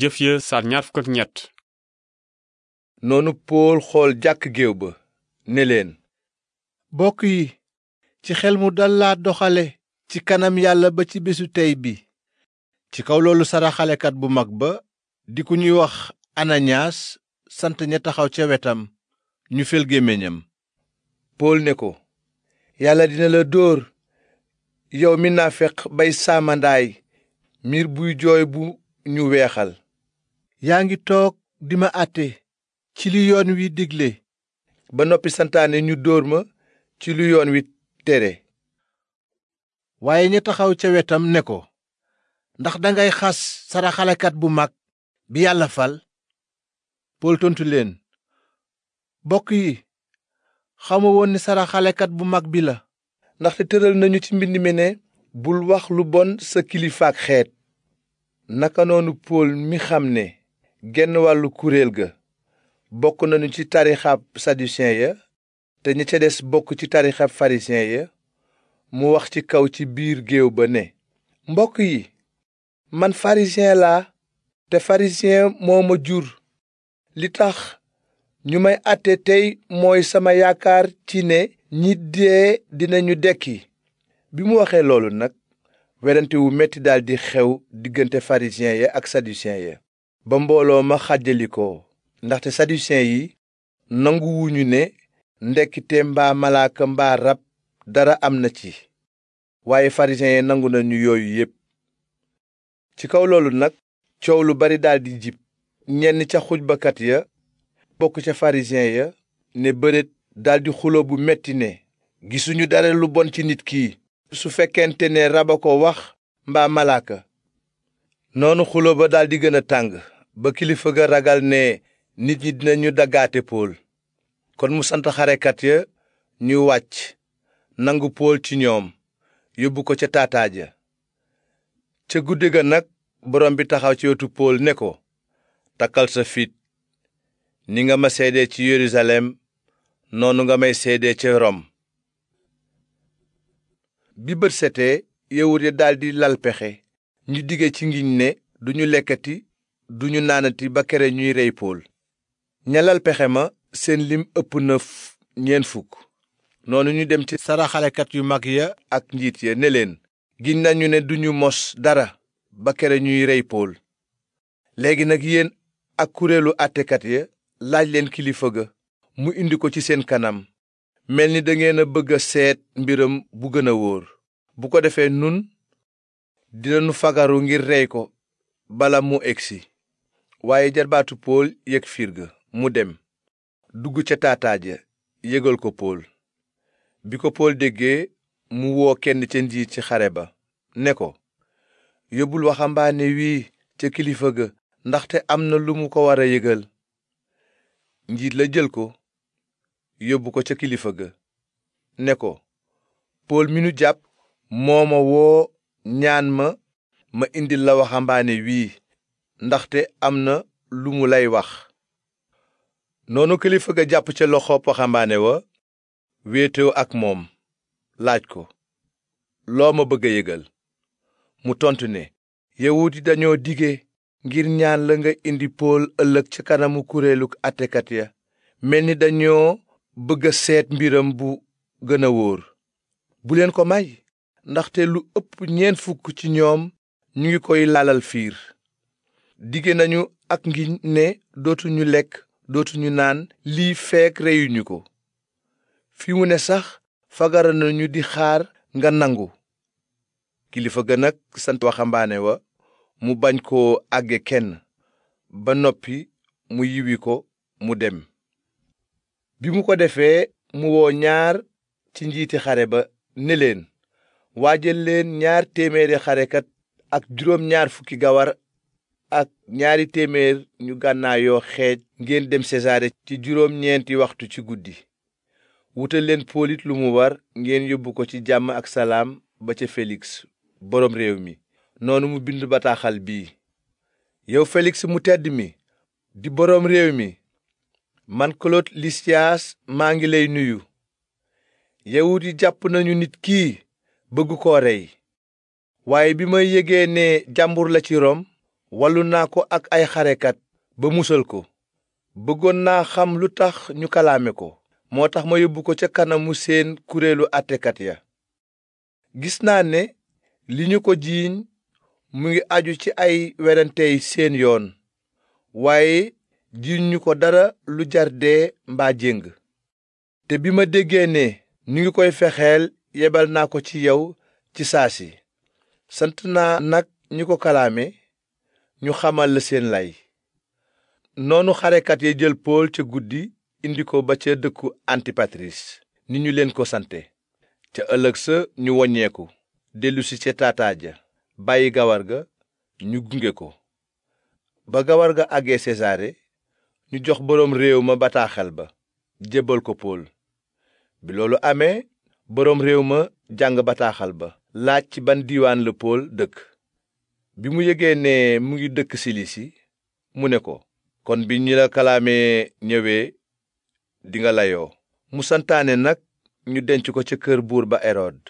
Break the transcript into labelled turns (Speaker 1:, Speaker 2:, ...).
Speaker 1: jëf ya saar ñett noonu pool xool jàkk géew ba ne leen bokk yi ci xel mu dal laa doxale ci kanam yàlla ba ci bésu tey bi ci kaw loolu saraxalekat bu mag ba di ku ñuy wax ananiyaas sant ña taxaw ca wetam ñu fel gémmiñam pool ne ko yàlla dina la dóor yow mi feq bay saamandaay miir buy jooy bu ñu weexal yaa ngi toog di ma àtte ci li yoon wi digle ba noppi santaane ñu dóor ma ci lu yoon wi tere waaye ña taxaw ca wetam ne ko ndax dangay xas saraxalekat bu mag bi yàlla fal Pool tontu leen bokk yi xamu woon saraxalekat bu mag bi la ndaxte tëral nañu ci mbind mi ne bul wax lu bon sa kilifaak xeet naka noonu Pool mi xam ne genn wàllu kuréel ga bokk nañu ci tarixab saducien ya te ñi ca des bokk ci tarixab pharisien ya mu wax ci kaw ci biir géew ba ne mbokk yi man pharisien la te pharisien moo ma jur li tax ñu may atte tey mooy sama yaakaar ci ne ñi dee dinañu dekki bi mu waxee loolu nag werante wu metti di xew diggante pharisien ya ak saducien ya ba mbooloo ma xàjjalikoo ndaxte sadusiyen yi nanguwuñu ne ndekkite mbaa malaaka mbaa rab dara am na ci waaye farisiyen yi nangu nañu yooyu yépp ci kaw loolu nag coow lu bari daldi jib ñenn ca xujbakat ya bokk ca farisiyen ya ne bëreet daldi xulo bu metti ne gisuñu dara lu bon ci nit ki su fekkente ne raba ko wax mbaa malaaka noonu xulo ba daldi gën a tàng ba kilifa ga ragal ne nit ñi dina ñu daggaate pool kon mu sant xarekat ya ñu wàcc nangu pool ci ñoom yóbbu ko ca taataaja ca guddi ga nag borom bi taxaw ci wetu pool ne ko takkal sa fit ni nga ma seede ci yerusalem noonu nga may seede ca rom bi bët setee yawut ya daldi lalpexe pexe ñu dige ci ngiñ ne duñu lekkati duñu naanati ba kere ñuy rey pool ñalal pexe ma seen lim ëpp na ñeent fukk noonu ñu dem ci saraxalekat yu mag ya ak njiit ya ne leen giñ nañu ne duñu mos dara ba kere ñuy rey pool léegi nag yéen ak kuréelu àttekat ya laaj leen kilifa ga mu indi ko ci seen kanam mel ni dangeen a bëgg a seet mbiram bu gën a wóor bu ko defee nun dinañu fagaru ngir rey ko bala mu egsi waaye jarbaatu pool yëg firga mu dem dugg ca taataaja yëgal ko pool bi ko pool déggee mu woo kenn ca njiit ci xare ba ne ko yóbbul waxambaane wii ca kilifa ga ndaxte am na lu mu ko war a yëgal njiit la jël ko yóbbu ko ca kilifa ga ne ko pool mi nu jàpp moo woo ñaan ma ma indil la waxambaane wii ndaxte am na lu mu lay wax noonu kilifa ga jàpp ca loxo waxambaane wa wéetoo ak moom laaj ko loo ma bëgg a yëgal mu tontu ne yawut yi dañoo dige ngir ñaan la nga indi pool ëllëg ca kanamu kuréelu àttekat ya mel ni dañoo bëgg a seet mbiram bu gën a wóor bu ko may ndaxte lu ëpp ñeent fukk ci ñoom ñu ngi koy lalal fiir dige nañu ak ngiñ ne dootuñu lekk dootuñu naan lii feek reyuñu ko fi mu ne sax fagara nañu di xaar nga nangu kilifa ga nag sant waxambaane wa mu bañ koo àgge kenn ba noppi mu yiwi ko mu dem bi mu ko defee mu woo ñaar ci njiiti xare ba ne leen waajal leen ñaar téeméeri xarekat ak juróom ñaar fukki gawar ak ñaari téeméer ñu gànnaayoo xeej ngeen dem sesaare ci juróom ñeenti waxtu ci guddi wutal leen poolit lu mu war ngeen yóbbu ko ci jàmm ak salaam ba ca feliks boroom réew mi noonu mu bind bataaxal bii yow feliks mu tedd mi di boroom réew mi man Claude Lysias maa ngi lay nuyu yawut yi jàpp nañu nit kii bëgg koo rey waaye bi may yëgee ne jàmbur la ci Rom wallu naa ko ak ay xarekat ba musal ko bëggoon naa xam lu tax ñu kalaame ko moo tax ma yóbbu ko ca kanamu seen kuréelu àttekat ya gis naa ne li ñu ko jiiñ mu ngi aju ci ay werantey seen yoon waaye jiiñ ko dara lu jar dee mbaa jéng te bi ma déggee ne ñu ngi koy fexeel yebal naa ko ci yow ci saa si sant naa nag ñi ko kalaame ñu xamal la seen lay noonu xarekat ya jël pool ca guddi indi ko ba ca dëkku antipatris ni ñu leen ko sante ca ëllëg sa ñu woññeeku dellusi ca taataa ja bàyyi gawar ga ñu gunge ko ba gawar ga àggee sesaare ñu jox boroom réew ma bataaxal ba jébbal ko pool bi loolu amee boroom réew ma jàng bataaxal ba laaj ci ban diiwaan la pool dëkk bi mu yëgee ne mu ngi dëkk silisi mu ne ko kon bi ñi la kalaamee ñëwee dinga layoo mu santaane nag ñu denc ko ca kër buur ba erod